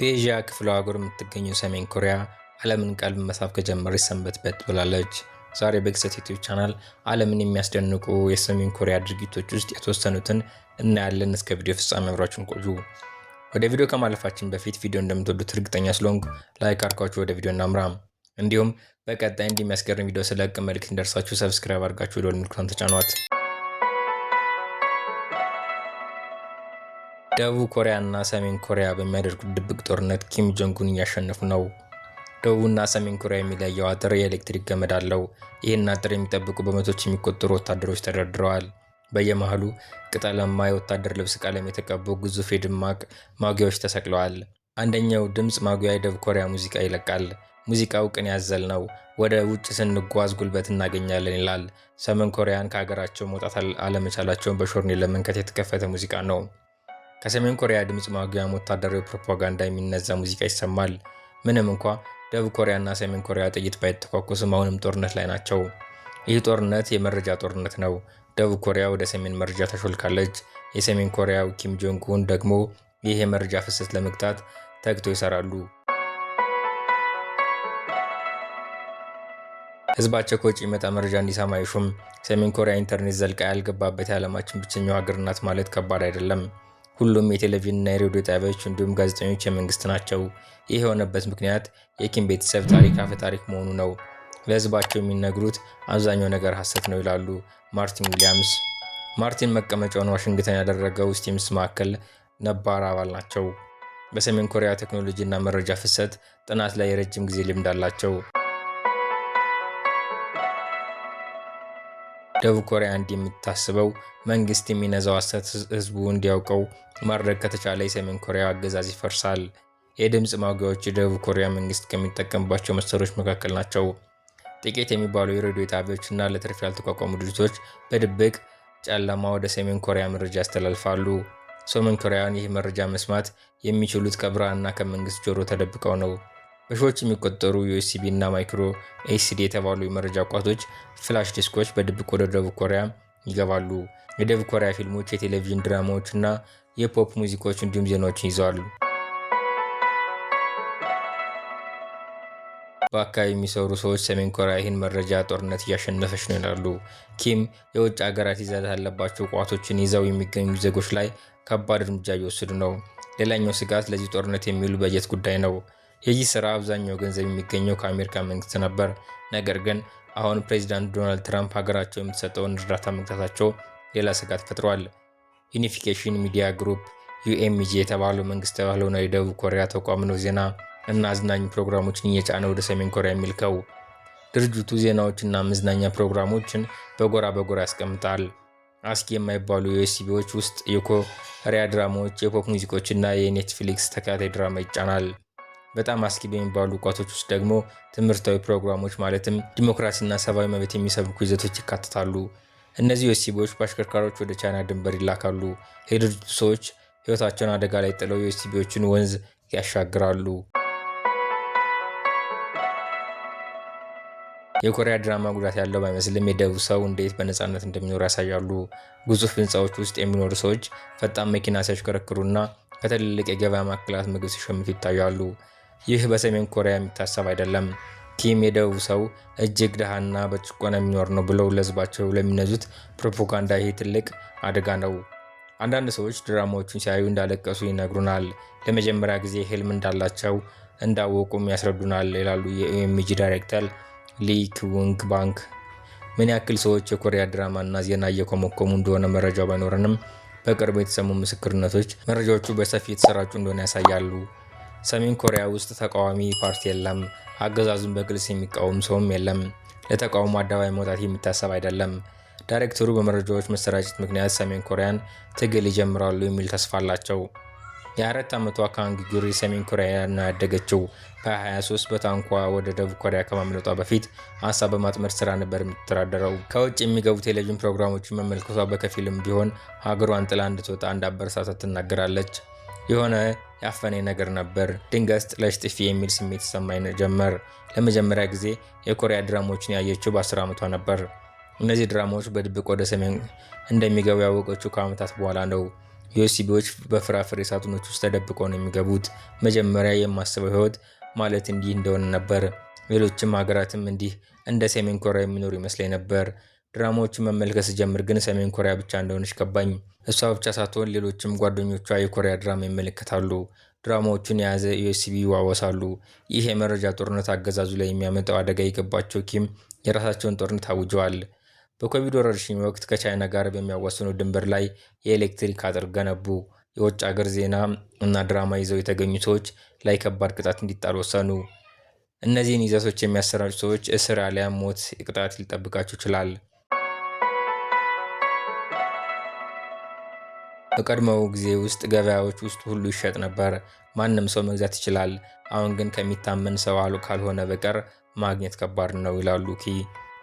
በኤዥያ ክፍለ አህጉር የምትገኘው ሰሜን ኮሪያ ዓለምን ቀልብ መሳብ ከጀመረች ሰንበትበት ብላለች። ዛሬ በግሰት ዩቲዩብ ቻናል ዓለምን የሚያስደንቁ የሰሜን ኮሪያ ድርጊቶች ውስጥ የተወሰኑትን እናያለን። እስከ ቪዲዮ ፍጻሜ አብራችሁን ቆዩ። ወደ ቪዲዮ ከማለፋችን በፊት ቪዲዮ እንደምትወዱት እርግጠኛ ስለሆንኩ ላይክ አርኳችሁ ወደ ቪዲዮ እናምራ። እንዲሁም በቀጣይ እንዲህ የሚያስገርም ቪዲዮ ስለቅ መልእክት እንደርሳችሁ ሰብስክራይብ አድርጋችሁ ወደ ምልክቷን ተጫኗት። ደቡብ ኮሪያ እና ሰሜን ኮሪያ በሚያደርጉት ድብቅ ጦርነት ኪም ጆንጉን እያሸነፉ ነው። ደቡብና ሰሜን ኮሪያ የሚለየው አጥር የኤሌክትሪክ ገመድ አለው። ይህን አጥር የሚጠብቁ በመቶች የሚቆጠሩ ወታደሮች ተደርድረዋል። በየመሃሉ ቅጠላማ የወታደር ልብስ ቀለም የተቀቡ ግዙፍ የድማቅ ማጉያዎች ተሰቅለዋል። አንደኛው ድምፅ ማጉያ የደቡብ ኮሪያ ሙዚቃ ይለቃል። ሙዚቃው ቅኔ ያዘል ነው። ወደ ውጭ ስንጓዝ ጉልበት እናገኛለን ይላል። ሰሜን ኮሪያን ከሀገራቸው መውጣት አለመቻላቸውን በሾርኔ ለመንከት የተከፈተ ሙዚቃ ነው። ከሰሜን ኮሪያ ድምፅ ማጉያም ወታደራዊ ፕሮፓጋንዳ የሚነዛ ሙዚቃ ይሰማል። ምንም እንኳ ደቡብ ኮሪያና ሰሜን ኮሪያ ጥይት ባይተኳኩስም አሁንም ጦርነት ላይ ናቸው። ይህ ጦርነት የመረጃ ጦርነት ነው። ደቡብ ኮሪያ ወደ ሰሜን መረጃ ተሾልካለች። የሰሜን ኮሪያው ኪም ጆንግ ኡን ደግሞ ይህ የመረጃ ፍሰት ለመግታት ተግቶ ይሰራሉ። ህዝባቸው ከውጭ የመጣ መረጃ እንዲሰማ አይሹም። ሰሜን ኮሪያ ኢንተርኔት ዘልቃ ያልገባበት የዓለማችን ብቸኛው ሀገር ናት ማለት ከባድ አይደለም። ሁሉም የቴሌቪዥንና የሬዲዮ ጣቢያዎች እንዲሁም ጋዜጠኞች የመንግስት ናቸው። ይህ የሆነበት ምክንያት የኪም ቤተሰብ ታሪክ አፈ ታሪክ መሆኑ ነው። ለህዝባቸው የሚነግሩት አብዛኛው ነገር ሀሰት ነው ይላሉ ማርቲን ዊሊያምስ። ማርቲን መቀመጫውን ዋሽንግተን ያደረገው ስቲምስ ማዕከል ነባር አባል ናቸው። በሰሜን ኮሪያ ቴክኖሎጂና መረጃ ፍሰት ጥናት ላይ የረጅም ጊዜ ልምድ አላቸው። ደቡብ ኮሪያ እንደምታስበው መንግስት የሚነዛው አሰት ህዝቡ እንዲያውቀው ማድረግ ከተቻለ የሰሜን ኮሪያ አገዛዝ ይፈርሳል። የድምፅ ማጉያዎች የደቡብ ኮሪያ መንግስት ከሚጠቀምባቸው መሳሪያዎች መካከል ናቸው። ጥቂት የሚባሉ የሬዲዮ ጣቢያዎች እና ለትርፍ ያልተቋቋሙ ድርጅቶች በድብቅ ጨለማ ወደ ሰሜን ኮሪያ መረጃ ያስተላልፋሉ። ሰሜን ኮሪያውያን ይህ መረጃ መስማት የሚችሉት ከብርሃንና ከመንግስት ጆሮ ተደብቀው ነው። በሺዎች የሚቆጠሩ ዩኤስቢ እና ማይክሮ ኤስዲ የተባሉ የመረጃ ቋቶች ፍላሽ ዲስኮች በድብቅ ወደ ደቡብ ኮሪያ ይገባሉ። የደቡብ ኮሪያ ፊልሞች፣ የቴሌቪዥን ድራማዎች እና የፖፕ ሙዚቃዎች እንዲሁም ዜናዎችን ይዘዋል። በአካባቢ የሚሰሩ ሰዎች ሰሜን ኮሪያ ይህን መረጃ ጦርነት እያሸነፈች ነው ይላሉ። ኪም የውጭ ሀገራት ይዘት ያለባቸው ቋቶችን ይዘው የሚገኙ ዜጎች ላይ ከባድ እርምጃ እየወሰዱ ነው። ሌላኛው ስጋት ለዚህ ጦርነት የሚውሉ በጀት ጉዳይ ነው። የዚህ ስራ አብዛኛው ገንዘብ የሚገኘው ከአሜሪካ መንግስት ነበር። ነገር ግን አሁን ፕሬዚዳንት ዶናልድ ትራምፕ ሀገራቸው የምትሰጠውን እርዳታ መግታታቸው ሌላ ስጋት ፈጥሯል። ዩኒፊኬሽን ሚዲያ ግሩፕ ዩኤምጂ የተባለው መንግስት ያልሆነ የደቡብ ኮሪያ ተቋም ነው ዜና እና አዝናኝ ፕሮግራሞችን እየጫነ ወደ ሰሜን ኮሪያ የሚልከው። ድርጅቱ ዜናዎችና መዝናኛ ፕሮግራሞችን በጎራ በጎራ ያስቀምጣል። አስኪ የማይባሉ የዩሲቢዎች ውስጥ የኮሪያ ድራማዎች፣ የፖፕ እና የኔትፍሊክስ ተከታታይ ድራማ ይጫናል። በጣም አስጊ በሚባሉ እውቀቶች ውስጥ ደግሞ ትምህርታዊ ፕሮግራሞች ማለትም ዲሞክራሲና ሰብአዊ መብት የሚሰብኩ ይዘቶች ይካተታሉ። እነዚህ ዩኤስሲቢዎች በአሽከርካሪዎች ወደ ቻይና ድንበር ይላካሉ። የድርጅቱ ሰዎች ህይወታቸውን አደጋ ላይ ጥለው ዩኤስሲቢዎችን ወንዝ ያሻግራሉ። የኮሪያ ድራማ ጉዳት ያለው ባይመስልም የደቡብ ሰው እንዴት በነፃነት እንደሚኖር ያሳያሉ። ግዙፍ ህንፃዎች ውስጥ የሚኖሩ ሰዎች ፈጣን መኪና ሲያሽከረክሩና ከትልልቅ የገበያ ማዕከላት ምግብ ሲሸምቱ ይታያሉ። ይህ በሰሜን ኮሪያ የሚታሰብ አይደለም። ኪም የደቡብ ሰው እጅግ ድሃና በጭቆና የሚኖር ነው ብለው ለህዝባቸው ለሚነዙት ፕሮፓጋንዳ ይህ ትልቅ አደጋ ነው። አንዳንድ ሰዎች ድራማዎቹን ሲያዩ እንዳለቀሱ ይነግሩናል። ለመጀመሪያ ጊዜ ህልም እንዳላቸው እንዳወቁም ያስረዱናል ይላሉ የኤምጂ ዳይሬክተር ሊ ክዊንግ ባንክ። ምን ያክል ሰዎች የኮሪያ ድራማና ዜና እየኮመኮሙ እንደሆነ መረጃው ባይኖረንም በቅርቡ የተሰሙ ምስክርነቶች መረጃዎቹ በሰፊ የተሰራጩ እንደሆነ ያሳያሉ። ሰሜን ኮሪያ ውስጥ ተቃዋሚ ፓርቲ የለም። አገዛዙን በግልጽ የሚቃወም ሰውም የለም። ለተቃውሞ አደባባይ መውጣት የሚታሰብ አይደለም። ዳይሬክተሩ በመረጃዎች መሰራጨት ምክንያት ሰሜን ኮሪያን ትግል ይጀምራሉ የሚል ተስፋ አላቸው። የአራት ዓመቷ ካንግ ጊሪ ሰሜን ኮሪያ ነው ያደገችው። በ23 በታንኳ ወደ ደቡብ ኮሪያ ከማምለጧ በፊት አሳ በማጥመድ ስራ ነበር የምትተዳደረው። ከውጭ የሚገቡ ቴሌቪዥን ፕሮግራሞችን መመልከቷ በከፊልም ቢሆን ሀገሯን ጥላ እንድትወጣ እንዳበረሳታት ትናገራለች። የሆነ ያፈነኝ ነገር ነበር። ድንገት ጥለሽ ጥፊ የሚል ስሜት ሰማኝ ጀመር። ለመጀመሪያ ጊዜ የኮሪያ ድራማዎችን ያየችው በ10 ዓመቷ ነበር። እነዚህ ድራማዎች በድብቅ ወደ ሰሜን እንደሚገቡ ያወቀችው ከዓመታት በኋላ ነው። ዩሲቢዎች በፍራፍሬ ሳጥኖች ውስጥ ተደብቀው ነው የሚገቡት። መጀመሪያ የማስበው ህይወት ማለት እንዲህ እንደሆነ ነበር። ሌሎችም ሀገራትም እንዲህ እንደ ሰሜን ኮሪያ የሚኖሩ ይመስለኝ ነበር። ድራማዎችን መመልከት ስጀምር ግን ሰሜን ኮሪያ ብቻ እንደሆነች ገባኝ። እሷ ብቻ ሳትሆን ሌሎችም ጓደኞቿ የኮሪያ ድራማ ይመለከታሉ። ድራማዎቹን የያዘ ዩኤስቢ ይዋወሳሉ። ይህ የመረጃ ጦርነት አገዛዙ ላይ የሚያመጣው አደጋ የገባቸው ኪም የራሳቸውን ጦርነት አውጀዋል። በኮቪድ ወረርሽኝ ወቅት ከቻይና ጋር በሚያዋስኑ ድንበር ላይ የኤሌክትሪክ አጥር ገነቡ። የውጭ አገር ዜና እና ድራማ ይዘው የተገኙ ሰዎች ላይ ከባድ ቅጣት እንዲጣል ወሰኑ። እነዚህን ይዘቶች የሚያሰራጩ ሰዎች እስር አሊያም ሞት ቅጣት ሊጠብቃቸው ይችላል። በቀድሞው ጊዜ ውስጥ ገበያዎች ውስጥ ሁሉ ይሸጥ ነበር። ማንም ሰው መግዛት ይችላል። አሁን ግን ከሚታመን ሰው አሉ ካልሆነ በቀር ማግኘት ከባድ ነው ይላሉ ኪ።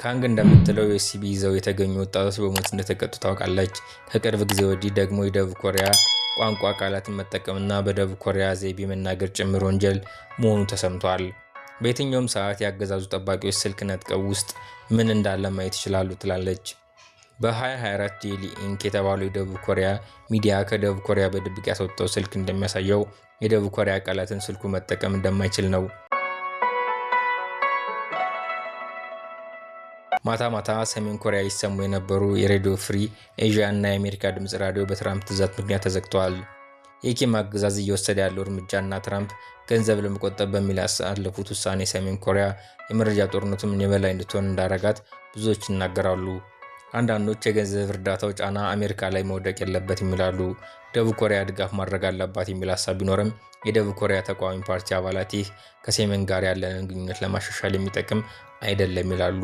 ካንግ እንደምትለው ዩኤስቢ ይዘው የተገኙ ወጣቶች በሞት እንደተቀጡ ታውቃለች። ከቅርብ ጊዜ ወዲህ ደግሞ የደቡብ ኮሪያ ቋንቋ ቃላትን መጠቀምና በደቡብ ኮሪያ ዘይቤ መናገር ጭምር ወንጀል መሆኑ ተሰምቷል። በየትኛውም ሰዓት የአገዛዙ ጠባቂዎች ስልክ ነጥቀው ውስጥ ምን እንዳለ ማየት ይችላሉ ትላለች። በ2024 ዴይሊ ኢንክ የተባለው የደቡብ ኮሪያ ሚዲያ ከደቡብ ኮሪያ በድብቅ ያስወጣው ስልክ እንደሚያሳየው የደቡብ ኮሪያ ቃላትን ስልኩ መጠቀም እንደማይችል ነው። ማታ ማታ ሰሜን ኮሪያ ይሰሙ የነበሩ የሬዲዮ ፍሪ ኤዥያ እና የአሜሪካ ድምፅ ራዲዮ በትራምፕ ትዕዛዝ ምክንያት ተዘግተዋል። የኪም አገዛዝ እየወሰደ ያለው እርምጃ እና ትራምፕ ገንዘብ ለመቆጠብ በሚል ያሳለፉት ውሳኔ ሰሜን ኮሪያ የመረጃ ጦርነቱም የበላይ እንድትሆን እንዳረጋት ብዙዎች ይናገራሉ። አንዳንዶች የገንዘብ እርዳታው ጫና አሜሪካ ላይ መውደቅ የለበት ይላሉ። ደቡብ ኮሪያ ድጋፍ ማድረግ አለባት የሚል ሀሳብ ቢኖርም የደቡብ ኮሪያ ተቃዋሚ ፓርቲ አባላት ይህ ከሰሜን ጋር ያለንን ግንኙነት ለማሻሻል የሚጠቅም አይደለም ይላሉ።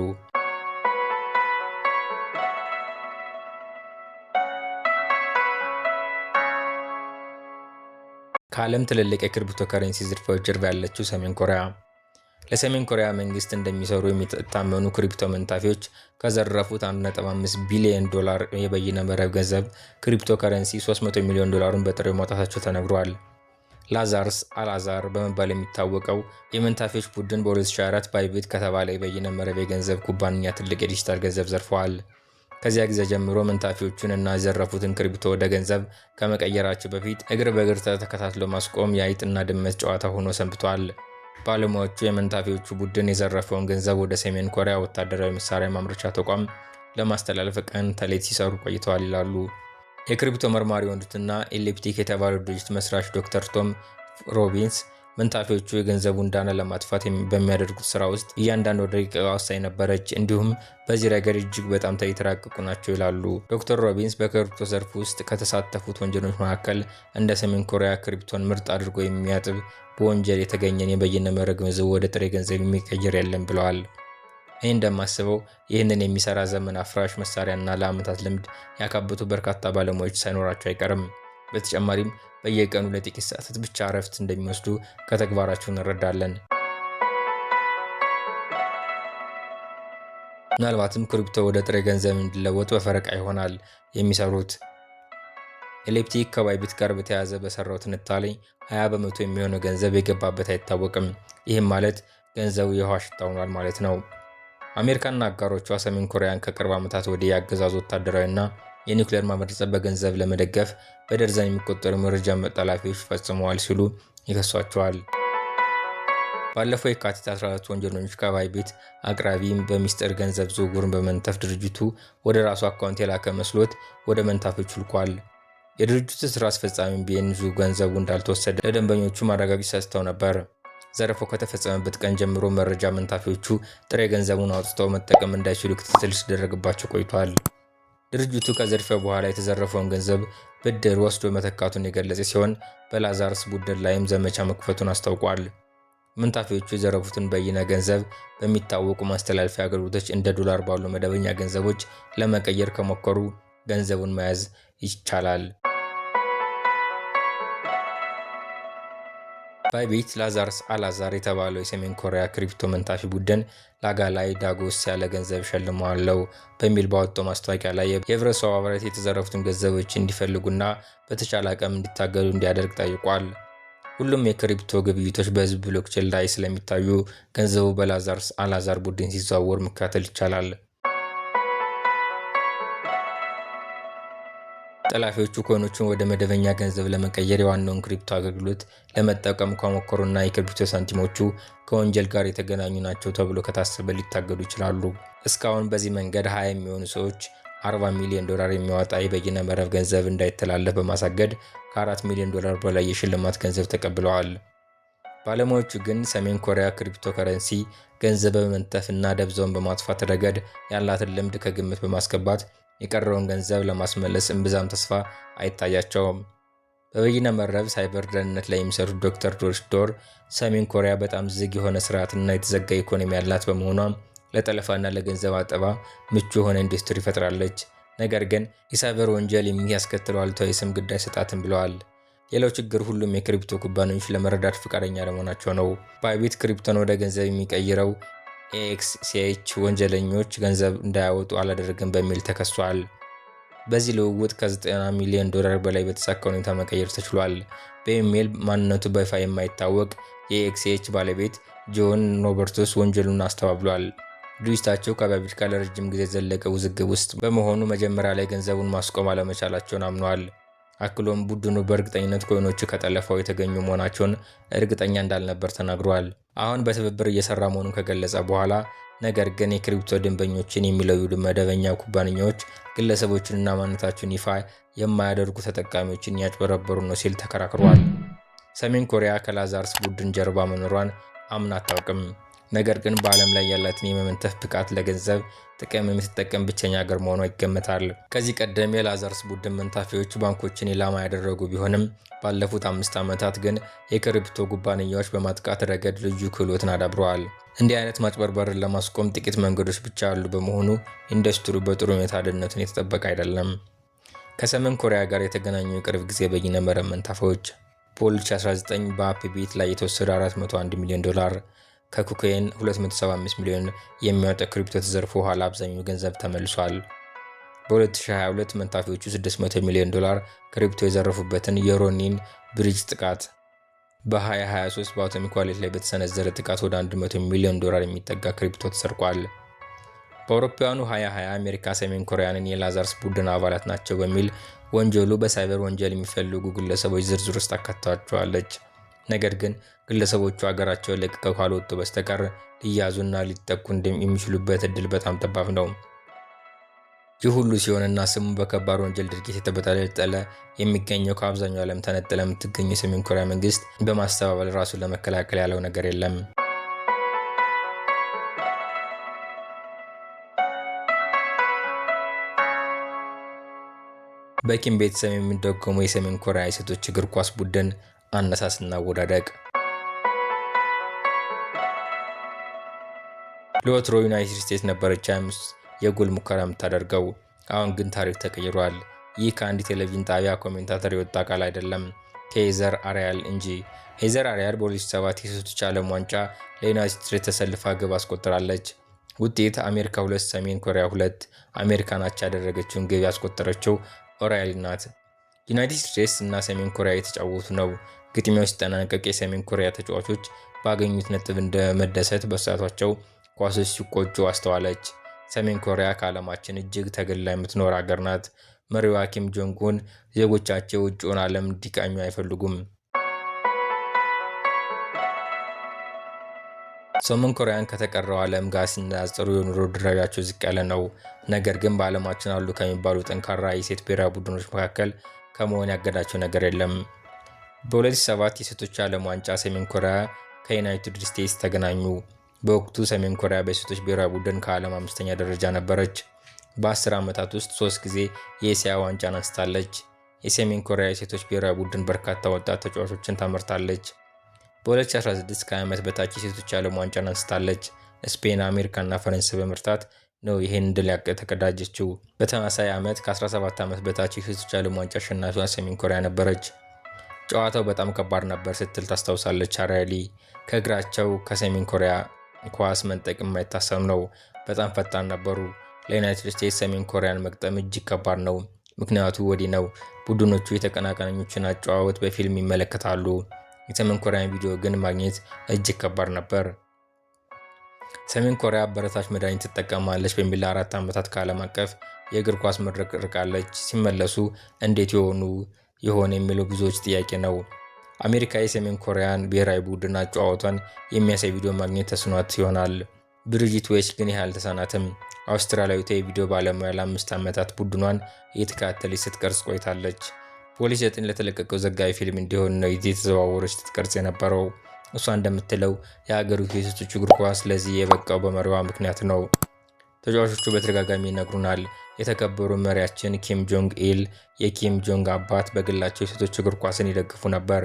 ከዓለም ትልልቅ የክሪፕቶ ከረንሲ ዝርፊያዎች ጀርባ ያለችው ሰሜን ኮሪያ ለሰሜን ኮሪያ መንግስት እንደሚሰሩ የሚታመኑ ክሪፕቶ መንታፊዎች ከዘረፉት 1.5 ቢሊዮን ዶላር የበይነ መረብ ገንዘብ ክሪፕቶ ከረንሲ 300 ሚሊዮን ዶላሩን በጥሬው ማውጣታቸው ተነግሯል። ላዛርስ አላዛር በመባል የሚታወቀው የመንታፊዎች ቡድን በ 2024 ባይቢት ከተባለ የበይነ መረብ የገንዘብ ኩባንያ ትልቅ የዲጂታል ገንዘብ ዘርፈዋል። ከዚያ ጊዜ ጀምሮ መንታፊዎቹን እና የዘረፉትን ክሪፕቶ ወደ ገንዘብ ከመቀየራቸው በፊት እግር በእግር ተከታትሎ ማስቆም የአይጥና ድመት ጨዋታ ሆኖ ሰንብቷል። ባለሙያዎቹ የመንታፊዎቹ ቡድን የዘረፈውን ገንዘብ ወደ ሰሜን ኮሪያ ወታደራዊ መሳሪያ ማምረቻ ተቋም ለማስተላለፍ ቀን ተሌት ሲሰሩ ቆይተዋል ይላሉ። የክሪፕቶ መርማሪ የሆኑትና ኤሌፕቲክ የተባለው ድርጅት መስራች ዶክተር ቶም ሮቢንስ መንታፊዎቹ የገንዘቡን ዳና ለማጥፋት በሚያደርጉት ስራ ውስጥ እያንዳንዱ ደቂቃ ወሳኝ ነበረች፣ እንዲሁም በዚህ ረገድ እጅግ በጣም የተራቀቁ ናቸው ይላሉ ዶክተር ሮቢንስ። በክሪፕቶ ዘርፍ ውስጥ ከተሳተፉት ወንጀሎች መካከል እንደ ሰሜን ኮሪያ ክሪፕቶን ምርጥ አድርጎ የሚያጥብ በወንጀል የተገኘን የበይነ መረብ ገንዘብ ወደ ጥሬ ገንዘብ የሚቀይር የለም ብለዋል። እኔ እንደማስበው ይህንን የሚሰራ ዘመን አፍራሽ መሳሪያና ለዓመታት ልምድ ያካበቱ በርካታ ባለሙያዎች ሳይኖራቸው አይቀርም። በተጨማሪም በየቀኑ ለጥቂት ሰዓታት ብቻ እረፍት እንደሚወስዱ ከተግባራቸው እንረዳለን። ምናልባትም ክሪፕቶ ወደ ጥሬ ገንዘብ እንዲለወጥ በፈረቃ ይሆናል የሚሰሩት። ኤሌፕቲክ ከባይቢት ጋር በተያያዘ በሰራው ትንታኔ 20 በመቶ የሚሆነው ገንዘብ የገባበት አይታወቅም። ይህም ማለት ገንዘቡ የውሃ ሽታ ሆኗል ማለት ነው። አሜሪካና አጋሮቿ ሰሜን ኮሪያን ከቅርብ ዓመታት ወዲህ የአገዛዙ ወታደራዊና የኒውክሌር ማመረጫ በገንዘብ ለመደገፍ በደርዘን የሚቆጠሩ መረጃ መጠላፊዎች ፈጽመዋል ሲሉ ይከሷቸዋል። ባለፈው የካቲት 14 ወንጀለኞች ቤት አቅራቢም በሚስጥር ገንዘብ ዝውውርን በመንተፍ ድርጅቱ ወደ ራሱ አካውንት የላከ መስሎት ወደ መንታፎች ልኳል። የድርጅቱ ስራ አስፈጻሚ ቢኤንዙ ገንዘቡ እንዳልተወሰደ ለደንበኞቹ ማረጋገጫ ሰጥተው ነበር። ዘረፎ ከተፈጸመበት ቀን ጀምሮ መረጃ መንታፊዎቹ ጥሬ ገንዘቡን አውጥተው መጠቀም እንዳይችሉ ክትትል ሲደረግባቸው ቆይቷል። ድርጅቱ ከዝርፊያው በኋላ የተዘረፈውን ገንዘብ ብድር ወስዶ መተካቱን የገለጸ ሲሆን በላዛርስ ቡድን ላይም ዘመቻ መክፈቱን አስታውቋል። ምንታፊዎቹ የዘረፉትን በይነ ገንዘብ በሚታወቁ ማስተላለፊያ አገልግሎቶች እንደ ዶላር ባሉ መደበኛ ገንዘቦች ለመቀየር ከሞከሩ ገንዘቡን መያዝ ይቻላል። ባይቤት ላዛርስ አላዛር የተባለው የሰሜን ኮሪያ ክሪፕቶ መንታፊ ቡድን ላይ ዳጎስ ያለ ገንዘብ ሸልመዋለው በሚል ባወጣው ማስታወቂያ ላይ የህብረተሰቡ አባላት የተዘረፉትን ገንዘቦች እንዲፈልጉና በተቻለ አቅም እንዲታገሉ እንዲያደርግ ጠይቋል። ሁሉም የክሪፕቶ ግብይቶች በህዝብ ብሎክቼን ላይ ስለሚታዩ ገንዘቡ በላዛርስ አላዛር ቡድን ሲዘዋወር መካተል ይቻላል። ጠላፊዎቹ ኮይኖቹን ወደ መደበኛ ገንዘብ ለመቀየር የዋናውን ክሪፕቶ አገልግሎት ለመጠቀም ከሞከሩና የክሪፕቶ ሳንቲሞቹ ከወንጀል ጋር የተገናኙ ናቸው ተብሎ ከታሰበ ሊታገዱ ይችላሉ። እስካሁን በዚህ መንገድ 20 የሚሆኑ ሰዎች 40 ሚሊዮን ዶላር የሚያወጣ የበይነ መረብ ገንዘብ እንዳይተላለፍ በማሳገድ ከ4 ሚሊዮን ዶላር በላይ የሽልማት ገንዘብ ተቀብለዋል። ባለሙያዎቹ ግን ሰሜን ኮሪያ ክሪፕቶ ከረንሲ ገንዘብ በመንጠፍና ደብዛውን በማጥፋት ረገድ ያላትን ልምድ ከግምት በማስገባት የቀረውን ገንዘብ ለማስመለስ እምብዛም ተስፋ አይታያቸውም። በበይነ መረብ ሳይበር ደህንነት ላይ የሚሰሩት ዶክተር ዶርች ዶር ሰሜን ኮሪያ በጣም ዝግ የሆነ ስርዓትና የተዘጋ ኢኮኖሚ ያላት በመሆኗም ለጠለፋና ለገንዘብ አጠባ ምቹ የሆነ ኢንዱስትሪ ፈጥራለች። ነገር ግን የሳይበር ወንጀል የሚያስከትለው አሉታዊ ስም ግዳይ ሰጣትን ብለዋል። ሌላው ችግር ሁሉም የክሪፕቶ ኩባንያዎች ለመረዳት ፈቃደኛ ለመሆናቸው ነው። ባይቢት ክሪፕቶን ወደ ገንዘብ የሚቀይረው ኤኤክስሲኤች ወንጀለኞች ገንዘብ እንዳያወጡ አላደረግም በሚል ተከሷል። በዚህ ልውውጥ ከ90 ሚሊዮን ዶላር በላይ በተሳካ ሁኔታ መቀየር ተችሏል። በኢሜል ማንነቱ በይፋ የማይታወቅ የኤክስች ባለቤት ጆን ሮበርቶስ ወንጀሉን አስተባብሏል። ድርጅታቸው ከበብሪካ ለረጅም ጊዜ ዘለቀ ውዝግብ ውስጥ በመሆኑ መጀመሪያ ላይ ገንዘቡን ማስቆም አለመቻላቸውን አምነዋል። አክሎም ቡድኑ በእርግጠኝነት ኮይኖቹ ከጠለፋው የተገኙ መሆናቸውን እርግጠኛ እንዳልነበር ተናግሯል። አሁን በትብብር እየሰራ መሆኑን ከገለጸ በኋላ ነገር ግን የክሪፕቶ ደንበኞችን የሚለዩ መደበኛ ኩባንያዎች ግለሰቦችንና ማንነታቸውን ይፋ የማያደርጉ ተጠቃሚዎችን ያጭበረበሩ ነው ሲል ተከራክሯል። ሰሜን ኮሪያ ከላዛርስ ቡድን ጀርባ መኖሯን አምና አታውቅም። ነገር ግን በዓለም ላይ ያላትን የመመንተፍ ብቃት ለገንዘብ ጥቅም የምትጠቀም ብቸኛ ሀገር መሆኗ ይገመታል። ከዚህ ቀደም የላዛርስ ቡድን መንታፊዎች ባንኮችን ኢላማ ያደረጉ ቢሆንም ባለፉት አምስት ዓመታት ግን የክሪፕቶ ኩባንያዎች በማጥቃት ረገድ ልዩ ክህሎትን አዳብረዋል። እንዲህ አይነት ማጭበርበርን ለማስቆም ጥቂት መንገዶች ብቻ ያሉ በመሆኑ ኢንዱስትሪው በጥሩ ሁኔታ ደህንነቱን የተጠበቀ አይደለም። ከሰሜን ኮሪያ ጋር የተገናኙ የቅርብ ጊዜ በይነ መንታፊዎች በ2019 በአፕቢት ላይ የተወሰደ 401 ሚሊዮን ዶላር ከኮካይን 275 ሚሊዮን የሚያወጣ ክሪፕቶ ተዘርፎ ኋላ አብዛኛው ገንዘብ ተመልሷል። በ2022 መንታፊዎቹ 600 ሚሊዮን ዶላር ክሪፕቶ የዘረፉበትን የሮኒን ብሪጅ ጥቃት በ2023 በአቶሚክ ዋሌት ላይ በተሰነዘረ ጥቃት ወደ 100 ሚሊዮን ዶላር የሚጠጋ ክሪፕቶ ተሰርቋል። በአውሮፓውያኑ 2020 አሜሪካ ሰሜን ኮሪያንን የላዛርስ ቡድን አባላት ናቸው በሚል ወንጀሉ በሳይበር ወንጀል የሚፈልጉ ግለሰቦች ዝርዝር ውስጥ አካተዋቸዋለች። ነገር ግን ግለሰቦቹ አገራቸውን ለቅቀው ካልወጡ በስተቀር ሊያዙና ሊጠቁ የሚችሉበት እድል በጣም ጠባብ ነው። ይህ ሁሉ ሲሆንና ስሙ በከባድ ወንጀል ድርጊት የተበጣጠለ የሚገኘው ከአብዛኛው ዓለም ተነጠለ የምትገኘ የሰሜን ኮሪያ መንግስት በማስተባበል ራሱን ለመከላከል ያለው ነገር የለም። በኪም ቤተሰብ የሚደጎመው የሰሜን ኮሪያ የሴቶች እግር ኳስ ቡድን አነሳስና አወዳደቅ ለወትሮ ዩናይትድ ስቴትስ ነበረች ቻምስ የጎል ሙከራ የምታደርገው። አሁን ግን ታሪክ ተቀይሯል። ይህ ከአንድ ቴሌቪዥን ጣቢያ ኮሜንታተር የወጣ ቃል አይደለም፣ ከሄዘር አሪያል እንጂ። ሄዘር አሪያል በ2007 የሴቶች ዓለም ዋንጫ ለዩናይትድ ስቴትስ ተሰልፋ ግብ አስቆጥራለች። ውጤት አሜሪካ ሁለት ሰሜን ኮሪያ 2 አሜሪካ አቻ ያደረገችውን ግብ ያስቆጠረችው ኦራያል ናት። ዩናይትድ ስቴትስ እና ሰሜን ኮሪያ የተጫወቱ ነው። ግጥሚያው ሲጠናቀቅ የሰሜን ኮሪያ ተጫዋቾች ባገኙት ነጥብ እንደ መደሰት በሳቷቸው ኳሶች ሲቆጩ አስተዋለች። ሰሜን ኮሪያ ከዓለማችን እጅግ ተገልላ የምትኖር ሀገር ናት። መሪዋ ኪም ጆንጉን ዜጎቻቸው ውጭውን ዓለም እንዲቃኙ አይፈልጉም። ሰሜን ኮሪያን ከተቀረው ዓለም ጋር ሲነጻጸሩ የኑሮ ደረጃቸው ዝቅ ያለ ነው። ነገር ግን በዓለማችን አሉ ከሚባሉ ጠንካራ የሴት ብሔራዊ ቡድኖች መካከል ከመሆን ያገዳቸው ነገር የለም። በ2007 የሴቶች ዓለም ዋንጫ ሰሜን ኮሪያ ከዩናይትድ ስቴትስ ተገናኙ። በወቅቱ ሰሜን ኮሪያ በሴቶች ብሔራዊ ቡድን ከዓለም አምስተኛ ደረጃ ነበረች። በ10 ዓመታት ውስጥ ሶስት ጊዜ የእስያ ዋንጫን አንስታለች። የሰሜን ኮሪያ የሴቶች ብሔራዊ ቡድን በርካታ ወጣት ተጫዋቾችን ታመርታለች። በ2016 ከ20 ዓመት በታች የሴቶች ዓለም ዋንጫን አንስታለች። ስፔን፣ አሜሪካና ፈረንሳይ በመርታት ነው ይህን ድል ተቀዳጀችው። በተመሳሳይ ዓመት ከ17 ዓመት በታች የሴቶች ዓለም ዋንጫ አሸናፊዋ ሰሜን ኮሪያ ነበረች። ጨዋታው በጣም ከባድ ነበር ስትል ታስታውሳለች አራያሊ ከእግራቸው ከሰሜን ኮሪያ ኳስ መንጠቅ የማይታሰብ ነው። በጣም ፈጣን ነበሩ። ለዩናይትድ ስቴትስ ሰሜን ኮሪያን መቅጠም እጅግ ከባድ ነው። ምክንያቱ ወዲህ ነው። ቡድኖቹ የተቀናቃኞችን አጨዋወት በፊልም ይመለከታሉ። የሰሜን ኮሪያን ቪዲዮ ግን ማግኘት እጅግ ከባድ ነበር። ሰሜን ኮሪያ አበረታች መድኃኒት ትጠቀማለች በሚል አራት ዓመታት ከዓለም አቀፍ የእግር ኳስ መድረክ ርቃለች። ሲመለሱ እንዴት የሆኑ ይሆን የሚለው ብዙዎች ጥያቄ ነው። አሜሪካ የሰሜን ኮሪያን ብሔራዊ ቡድን አጫዋቷን የሚያሳይ ቪዲዮ ማግኘት ተስኗት ይሆናል። ብሪጅት ዌች ግን ይህ አልተሳናትም። አውስትራሊያዊቷ የቪዲዮ ባለሙያ ለአምስት ዓመታት ቡድኗን እየተከታተለች ስትቀርጽ ቆይታለች። ፖሊስ ዘጠኝ ለተለቀቀው ዘጋቢ ፊልም እንዲሆን ነው ይዜ የተዘዋወረች ስትቀርጽ የነበረው። እሷ እንደምትለው የሀገሪቱ የሴቶች እግር ኳስ ለዚህ የበቃው በመሪዋ ምክንያት ነው። ተጫዋቾቹ በተደጋጋሚ ይነግሩናል፣ የተከበሩ መሪያችን ኪም ጆንግ ኢል የኪም ጆንግ አባት በግላቸው የሴቶች እግር ኳስን ይደግፉ ነበር።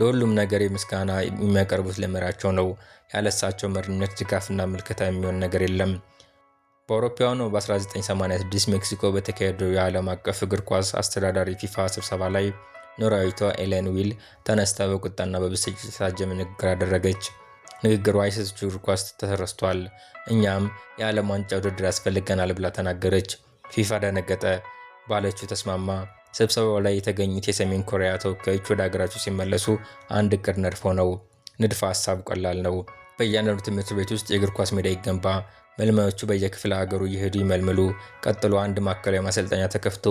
ለሁሉም ነገር የምስጋና የሚያቀርቡት ለመሪያቸው ነው። ያለሳቸው መሪነት ድጋፍና ምልከታ የሚሆን ነገር የለም። በአውሮፓውያኑ በ1986 ሜክሲኮ በተካሄደው የዓለም አቀፍ እግር ኳስ አስተዳዳሪ ፊፋ ስብሰባ ላይ ኖራዊቷ ኤሌን ዊል ተነስታ በቁጣና በብስጭት የተሳጀ ንግግር አደረገች። ንግግሩ የሴቶች እግር ኳስ ተረስቷል፣ እኛም የዓለም ዋንጫ ውድድር ያስፈልገናል ብላ ተናገረች። ፊፋ ደነገጠ፣ ባለችው ተስማማ። ስብሰባው ላይ የተገኙት የሰሜን ኮሪያ ተወካዮች ወደ አገራቸው ሲመለሱ አንድ እቅድ ነድፎ ነው። ንድፈ ሀሳብ ቀላል ነው። በእያንዳንዱ ትምህርት ቤት ውስጥ የእግር ኳስ ሜዳ ይገንባ። መልማዮቹ በየክፍለ ሀገሩ እየሄዱ ይመልምሉ። ቀጥሎ አንድ ማዕከላዊ ማሰልጠኛ ተከፍቶ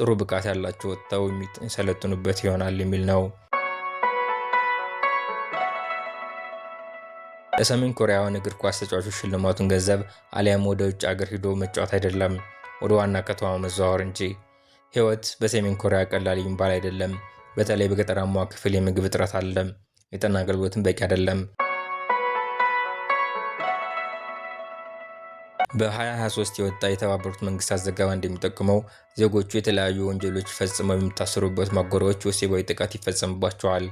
ጥሩ ብቃት ያላቸው ወጥተው የሚሰለጥኑበት ይሆናል የሚል ነው። ለሰሜን ኮሪያውያን እግር ኳስ ተጫዋቾች ሽልማቱን ገንዘብ አሊያም ወደ ውጭ አገር ሂዶ መጫወት አይደለም፣ ወደ ዋና ከተማ መዘዋወር እንጂ። ህይወት በሰሜን ኮሪያ ቀላል የሚባል አይደለም። በተለይ በገጠራማ ክፍል የምግብ እጥረት አለ፣ የጤና አገልግሎትም በቂ አይደለም። በ2023 የወጣ የተባበሩት መንግስታት ዘገባ እንደሚጠቁመው ዜጎቹ የተለያዩ ወንጀሎች ፈጽመው የሚታሰሩበት ማጎሪያዎች ወሲባዊ ጥቃት ይፈጸምባቸዋል።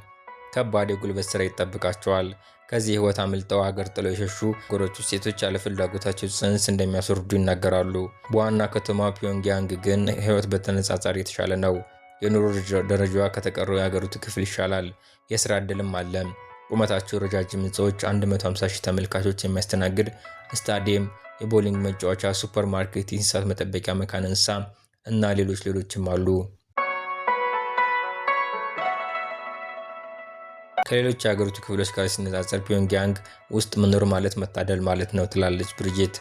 ከባድ የጉልበት ስራ ይጠብቃቸዋል። ከዚህ ህይወት አምልጠው አገር ጥለው የሸሹ ጎሮች ውስጥ ሴቶች ያለፍላጎታቸው ጽንስ እንደሚያስወርዱ ይናገራሉ። በዋና ከተማ ፒዮንግያንግ ግን ህይወት በተነጻጻሪ የተሻለ ነው። የኑሮ ደረጃዋ ከተቀረው የሀገሪቱ ክፍል ይሻላል። የስራ እድልም አለ። ቁመታቸው ረጃጅም ህንፃዎች 150 ሺህ ተመልካቾች የሚያስተናግድ ስታዲየም፣ የቦሊንግ መጫወቻ፣ ሱፐርማርኬት፣ የእንስሳት መጠበቂያ፣ መካነ እንስሳ እና ሌሎች ሌሎችም አሉ። ከሌሎች የሀገሪቱ ክፍሎች ጋር ሲነጻጸር ፒዮንግያንግ ውስጥ መኖር ማለት መታደል ማለት ነው ትላለች ብሪጅት።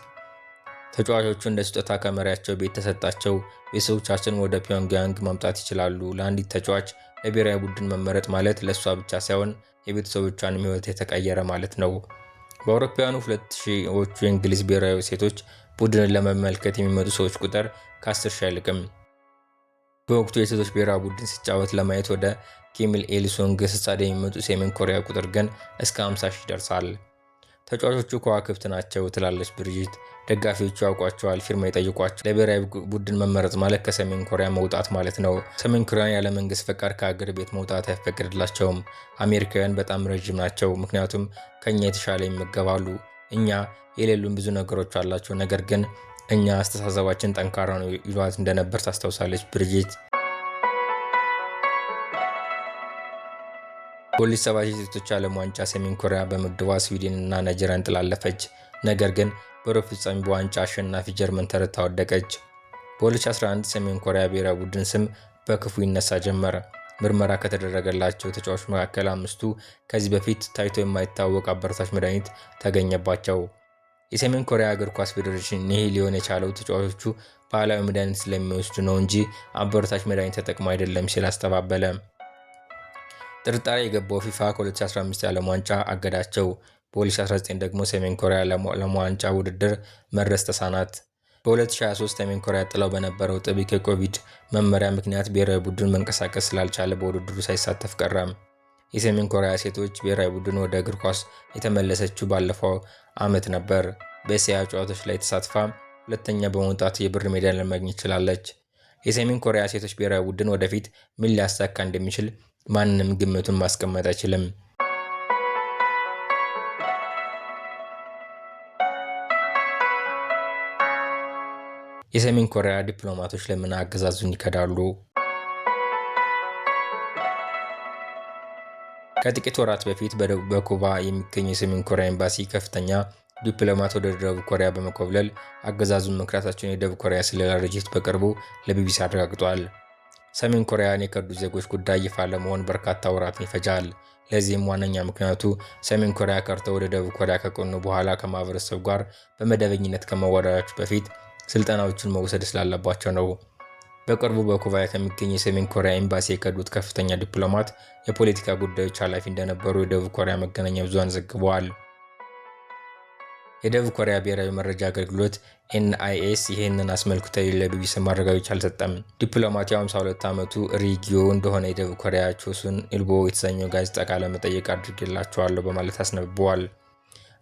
ተጫዋቾቹ እንደ ስጦታ ከመሪያቸው ቤት ተሰጣቸው ቤተሰቦቻችን ወደ ፒዮንግያንግ ማምጣት ይችላሉ። ለአንዲት ተጫዋች ለብሔራዊ ቡድን መመረጥ ማለት ለእሷ ብቻ ሳይሆን የቤተሰቦቿንም ህይወት የተቀየረ ማለት ነው። በአውሮፓውያኑ 2000ዎቹ የእንግሊዝ ብሔራዊ ሴቶች ቡድንን ለመመልከት የሚመጡ ሰዎች ቁጥር ከ10 ሺህ አይልቅም። በወቅቱ የሴቶች ብሔራዊ ቡድን ሲጫወት ለማየት ወደ ኪሚል ኤሊሶንግ ስሳድ የሚመጡ ሰሜን ኮሪያ ቁጥር ግን እስከ 50 ሺህ ይደርሳል። ተጫዋቾቹ ከዋክብት ናቸው ትላለች ብርጅት። ደጋፊዎቹ ያውቋቸዋል፣ ፊርማ ይጠይቋቸው። ለብሔራዊ ቡድን መመረጥ ማለት ከሰሜን ኮሪያ መውጣት ማለት ነው። ሰሜን ኮሪያን ያለ መንግስት ፈቃድ ከሀገር ቤት መውጣት አይፈቀድላቸውም። አሜሪካውያን በጣም ረዥም ናቸው፣ ምክንያቱም ከእኛ የተሻለ ይመገባሉ። እኛ የሌሉን ብዙ ነገሮች አላቸው፣ ነገር ግን እኛ አስተሳሰባችን ጠንካራ ነው ይሏት እንደነበር ታስታውሳለች ብርጅት። በወንዶች ሰባት የሴቶች ዓለም ዋንጫ ሰሜን ኮሪያ በምድቧ እና ነጀራን ጥላለፈች። ነገር ግን በሩብ ፍጻሜ በዋንጫ አሸናፊ ጀርመን ተረታ ወደቀች። በ2011 ሰሜን ኮሪያ ብሔራዊ ቡድን ስም በክፉ ይነሳ ጀመረ። ምርመራ ከተደረገላቸው ተጫዋቾች መካከል አምስቱ ከዚህ በፊት ታይቶ የማይታወቅ አበረታች መድኃኒት ተገኘባቸው። የሰሜን ኮሪያ እግር ኳስ ፌዴሬሽን ይህ ሊሆን የቻለው ተጫዋቾቹ ባህላዊ መድኃኒት ስለሚወስዱ ነው እንጂ አበረታች መድኃኒት ተጠቅሞ አይደለም ሲል አስተባበለ። ጥርጣሬ የገባው ፊፋ ከ2015 የዓለም ዋንጫ አገዳቸው። በ2019 ደግሞ ሰሜን ኮሪያ ለዓለም ዋንጫ ውድድር መድረስ ተሳናት። በ2023 ሰሜን ኮሪያ ጥለው በነበረው ጥብቅ የኮቪድ መመሪያ ምክንያት ብሔራዊ ቡድን መንቀሳቀስ ስላልቻለ በውድድሩ ሳይሳተፍ ቀረም። የሰሜን ኮሪያ ሴቶች ብሔራዊ ቡድን ወደ እግር ኳስ የተመለሰችው ባለፈው ዓመት ነበር። በእስያ ጨዋታዎች ላይ ተሳትፋ ሁለተኛ በመውጣት የብር ሜዳን ለማግኘት ችላለች። የሰሜን ኮሪያ ሴቶች ብሔራዊ ቡድን ወደፊት ምን ሊያሳካ እንደሚችል ማንም ግምቱን ማስቀመጥ አይችልም። የሰሜን ኮሪያ ዲፕሎማቶች ለምን አገዛዙን ይከዳሉ? ከጥቂት ወራት በፊት በኩባ የሚገኘው የሰሜን ኮሪያ ኤምባሲ ከፍተኛ ዲፕሎማት ወደ ደቡብ ኮሪያ በመኮብለል አገዛዙን መክራታቸውን የደቡብ ኮሪያ ስለላ ድርጅት በቅርቡ ለቢቢሲ አረጋግጧል። ሰሜን ኮሪያን የከዱ ዜጎች ጉዳይ ይፋ ለመሆን በርካታ ወራትን ይፈጃል። ለዚህም ዋነኛ ምክንያቱ ሰሜን ኮሪያ ከርተው ወደ ደቡብ ኮሪያ ከቀኑ በኋላ ከማህበረሰቡ ጋር በመደበኝነት ከመወዳዳቸው በፊት ስልጠናዎችን መውሰድ ስላለባቸው ነው። በቅርቡ በኩባያ ከሚገኝ የሰሜን ኮሪያ ኤምባሲ የከዱት ከፍተኛ ዲፕሎማት የፖለቲካ ጉዳዮች ኃላፊ እንደነበሩ የደቡብ ኮሪያ መገናኛ ብዙሃን ዘግበዋል። የደቡብ ኮሪያ ብሔራዊ መረጃ አገልግሎት ኤንአይኤስ ይህንን አስመልክቶ ለቢቢሲ ማረጋገጫ አልሰጠም። ዲፕሎማቱ 52 ዓመቱ ሪጊዮ እንደሆነ የደቡብ ኮሪያ ቾሱን ኢልቦ የተሰኘው ጋዜጣ ቃለ መጠይቅ አድርጌላቸዋለሁ በማለት አስነብበዋል።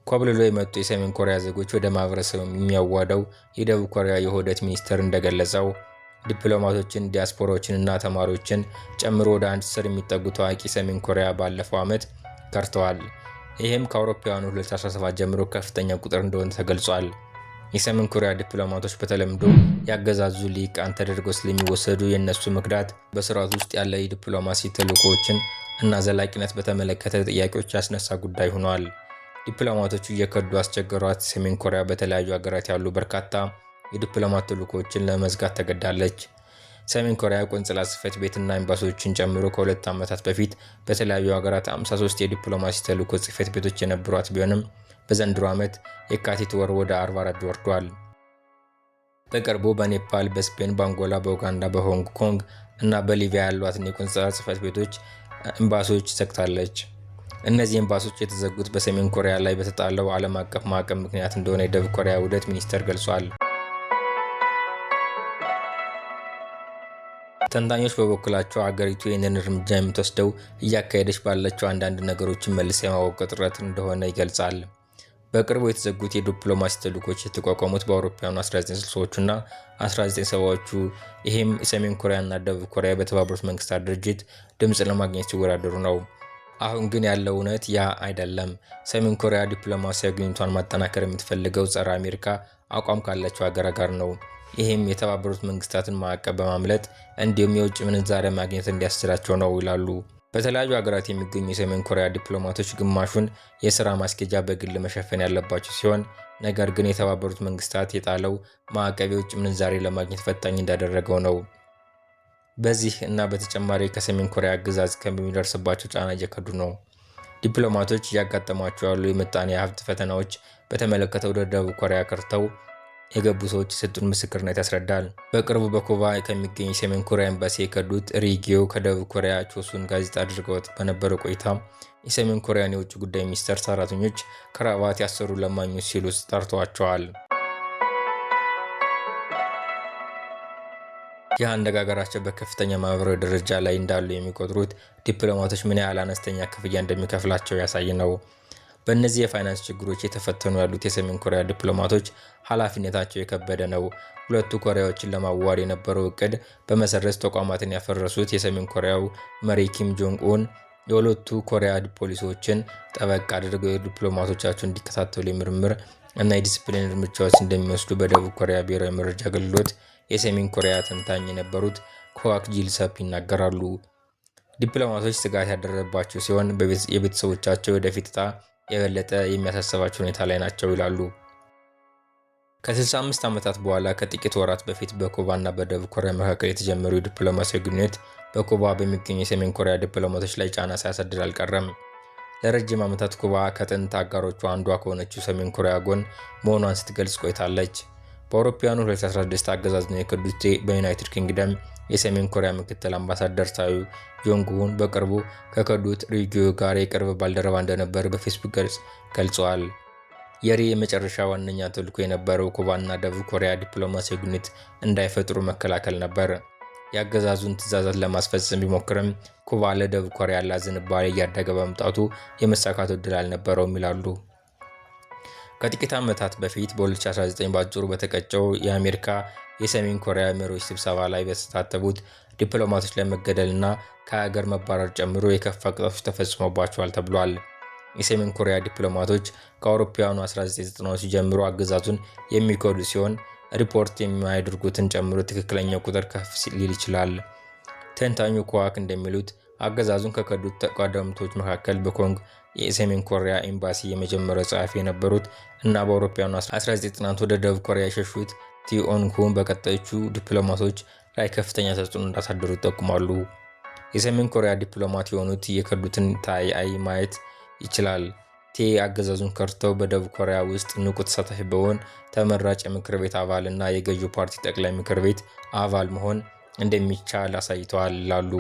ኮብልሎ የመጡ የሰሜን ኮሪያ ዜጎች ወደ ማህበረሰቡ የሚያዋደው የደቡብ ኮሪያ የውህደት ሚኒስቴር እንደገለጸው ዲፕሎማቶችን እና ተማሪዎችን ጨምሮ ወደ አንድ ስር የሚጠጉ ታዋቂ ሰሜን ኮሪያ ባለፈው ዓመት ከርተዋል። ይህም ከአውሮፓውያኑ 2017 ጀምሮ ከፍተኛ ቁጥር እንደሆነ ተገልጿል። የሰሜን ኮሪያ ዲፕሎማቶች በተለምዶ ያገዛዙ ሊቃን ተደርገው ስለሚወሰዱ የእነሱ መክዳት በስርዓቱ ውስጥ ያለ የዲፕሎማሲ ተልዕኮዎችን እና ዘላቂነት በተመለከተ ጥያቄዎች ያስነሳ ጉዳይ ሆኗል። ዲፕሎማቶቹ እየከዱ አስቸገሯት። ሰሜን ኮሪያ በተለያዩ ሀገራት ያሉ በርካታ የዲፕሎማት ተልዕኮዎችን ለመዝጋት ተገዳለች። ሰሜን ኮሪያ ቆንጽላ ጽህፈት ቤትና ኤምባሲዎችን ጨምሮ ከሁለት ዓመታት በፊት በተለያዩ ሀገራት 53 የዲፕሎማሲ ተልኮ ጽህፈት ቤቶች የነበሯት ቢሆንም በዘንድሮ ዓመት የካቲት ወር ወደ 44 ወርዷል። በቅርቡ በኔፓል፣ በስፔን፣ በአንጎላ፣ በኡጋንዳ፣ በሆንግ ኮንግ እና በሊቢያ ያሏትን የቆንጽላ ጽፈት ቤቶች ኤምባሲዎች ዘግታለች። እነዚህ ኤምባሲዎች የተዘጉት በሰሜን ኮሪያ ላይ በተጣለው ዓለም አቀፍ ማዕቀብ ምክንያት እንደሆነ የደቡብ ኮሪያ ውህደት ሚኒስቴር ገልጿል። ተንታኞች በበኩላቸው አገሪቱ ይህንን እርምጃ የምትወስደው እያካሄደች ባለችው አንዳንድ ነገሮችን መልስ የማወቅ ጥረት እንደሆነ ይገልጻል። በቅርቡ የተዘጉት የዲፕሎማሲ ተልዕኮች የተቋቋሙት በአውሮፓውያኑ 1960 ና 1970ዎቹ ይህም የሰሜን ኮሪያና ደቡብ ኮሪያ በተባበሩት መንግስታት ድርጅት ድምፅ ለማግኘት ሲወዳደሩ ነው። አሁን ግን ያለው እውነት ያ አይደለም። ሰሜን ኮሪያ ዲፕሎማሲያዊ ግንኙነቷን ማጠናከር የምትፈልገው ጸረ አሜሪካ አቋም ካላቸው ሀገር ጋር ነው። ይህም የተባበሩት መንግስታትን ማዕቀብ በማምለጥ እንዲሁም የውጭ ምንዛሪ ማግኘት እንዲያስችላቸው ነው ይላሉ። በተለያዩ ሀገራት የሚገኙ የሰሜን ኮሪያ ዲፕሎማቶች ግማሹን የስራ ማስኬጃ በግል መሸፈን ያለባቸው ሲሆን ነገር ግን የተባበሩት መንግስታት የጣለው ማዕቀብ የውጭ ምንዛሬ ለማግኘት ፈታኝ እንዳደረገው ነው። በዚህ እና በተጨማሪ ከሰሜን ኮሪያ አገዛዝ ከሚደርስባቸው ጫና እየከዱ ነው። ዲፕሎማቶች እያጋጠሟቸው ያሉ የምጣኔ ሀብት ፈተናዎች በተመለከተ ወደ ደቡብ ኮሪያ ከርተው የገቡ ሰዎች የሰጡን ምስክርነት ያስረዳል። በቅርቡ በኩባ ከሚገኝ ሰሜን ኮሪያ ኤምባሲ የከዱት ሪጊዮ ከደቡብ ኮሪያ ቾሱን ጋዜጣ አድርገውት በነበረው ቆይታ የሰሜን ኮሪያን የውጭ ጉዳይ ሚኒስቴር ሰራተኞች ክራባት ያሰሩ ለማኞች ሲሉ ጠርተዋቸዋል። ይህ አነጋገራቸው በከፍተኛ ማህበራዊ ደረጃ ላይ እንዳሉ የሚቆጥሩት ዲፕሎማቶች ምን ያህል አነስተኛ ክፍያ እንደሚከፍላቸው ያሳይ ነው። በእነዚህ የፋይናንስ ችግሮች የተፈተኑ ያሉት የሰሜን ኮሪያ ዲፕሎማቶች ኃላፊነታቸው የከበደ ነው። ሁለቱ ኮሪያዎችን ለማዋድ የነበረው እቅድ በመሰረዝ ተቋማትን ያፈረሱት የሰሜን ኮሪያው መሪ ኪም ጆንግ ኡን የሁለቱ ኮሪያ ፖሊሲዎችን ጠበቅ አድርገው የዲፕሎማቶቻቸው እንዲከታተሉ የምርምር እና የዲስፕሊን እርምጃዎች እንደሚወስዱ በደቡብ ኮሪያ ብሔራዊ መረጃ አገልግሎት የሰሜን ኮሪያ ተንታኝ የነበሩት ኮዋክ ጂልሰፕ ይናገራሉ። ዲፕሎማቶች ስጋት ያደረባቸው ሲሆን የቤተሰቦቻቸው ወደፊት ጣ። የበለጠ የሚያሳስባቸው ሁኔታ ላይ ናቸው ይላሉ። ከ65 ዓመታት በኋላ ከጥቂት ወራት በፊት በኩባ እና በደቡብ ኮሪያ መካከል የተጀመረው የዲፕሎማሲያዊ ግንኙነት በኩባ በሚገኙ የሰሜን ኮሪያ ዲፕሎማቶች ላይ ጫና ሳያሳድር አልቀረም። ለረጅም ዓመታት ኩባ ከጥንት አጋሮቿ አንዷ ከሆነችው ሰሜን ኮሪያ ጎን መሆኗን ስትገልጽ ቆይታለች። በአውሮፓውያኑ 2016 አገዛዝ ነው የክዱት በዩናይትድ ኪንግደም የሰሜን ኮሪያ ምክትል አምባሳደር ሳዩ ጆንግሁን በቅርቡ ከከዱት ሪጂዮ ጋር የቅርብ ባልደረባ እንደነበር በፌስቡክ ገጽ ገልጸዋል። የሪ የመጨረሻ ዋነኛ ትልኩ የነበረው ኩባና ደቡብ ኮሪያ ዲፕሎማሲ ግንኙነት እንዳይፈጥሩ መከላከል ነበር። የአገዛዙን ትዕዛዛት ለማስፈጸም ቢሞክርም ኩባ ለደቡብ ኮሪያ ያላት ዝንባሌ እያደገ በመምጣቱ የመሳካት ዕድል አልነበረውም ይላሉ። ከጥቂት ዓመታት በፊት በ2019 በአጭሩ በተቀጨው የአሜሪካ የሰሜን ኮሪያ መሪዎች ስብሰባ ላይ በተሳተፉት ዲፕሎማቶች ላይ እና ከሀገር መባረር ጨምሮ የከፋ ቅጣቶች ተፈጽሞባቸዋል ተብሏል። የሰሜን ኮሪያ ዲፕሎማቶች ከአውሮፓውያኑ 1990ዎቹ ጀምሮ አገዛዙን የሚኮዱ ሲሆን ሪፖርት የማያደርጉትን ጨምሮ ትክክለኛው ቁጥር ከፍ ሊል ይችላል። ተንታኙ ከዋክ እንደሚሉት አገዛዙን ከከዱት ተቋዳምቶች መካከል በኮንግ የሰሜን ኮሪያ ኤምባሲ የመጀመሪያው ጸሐፊ የነበሩት እና በአውሮፓውያኑ 1990 ወደ ደቡብ ኮሪያ የሸሹት ቲኦንኩን በቀጣዮቹ ዲፕሎማቶች ላይ ከፍተኛ ተጽዕኖ እንዳሳደሩ ይጠቁማሉ። የሰሜን ኮሪያ ዲፕሎማት የሆኑት የከዱትን ታይአይ ማየት ይችላል። ቴ አገዛዙን ከርተው በደቡብ ኮሪያ ውስጥ ንቁ ተሳታፊ በሆን ተመራጭ የምክር ቤት አባል እና የገዢው ፓርቲ ጠቅላይ ምክር ቤት አባል መሆን እንደሚቻል አሳይተዋል ይላሉ።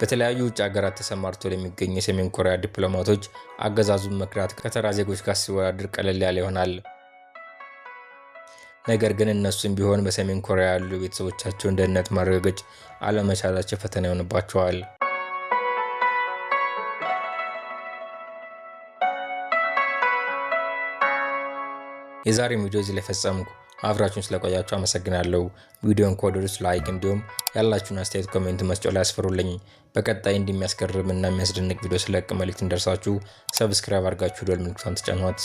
በተለያዩ ውጭ ሀገራት ተሰማርቶ ለሚገኙ የሰሜን ኮሪያ ዲፕሎማቶች አገዛዙን መክዳት ከተራ ዜጎች ጋር ሲወዳደር ቀለል ያለ ይሆናል። ነገር ግን እነሱም ቢሆን በሰሜን ኮሪያ ያሉ ቤተሰቦቻቸውን ደህንነት ማረጋገጥ አለመቻላቸው ፈተና ይሆንባቸዋል። የዛሬ ቪዲዮ እዚህ ላይ ፈጸምኩ። አብራችሁን ስለቆያችሁ አመሰግናለሁ። ቪዲዮን ከወደዱት ላይክ፣ እንዲሁም ያላችሁን አስተያየት ኮሜንት መስጫው ላይ አስፈሩልኝ። በቀጣይ እንዲሚያስገርም እና የሚያስደንቅ ቪዲዮ ስለቅ መልእክት እንደርሳችሁ ሰብስክራይብ አድርጋችሁ ደወል ምልክቷን ተጫኗት።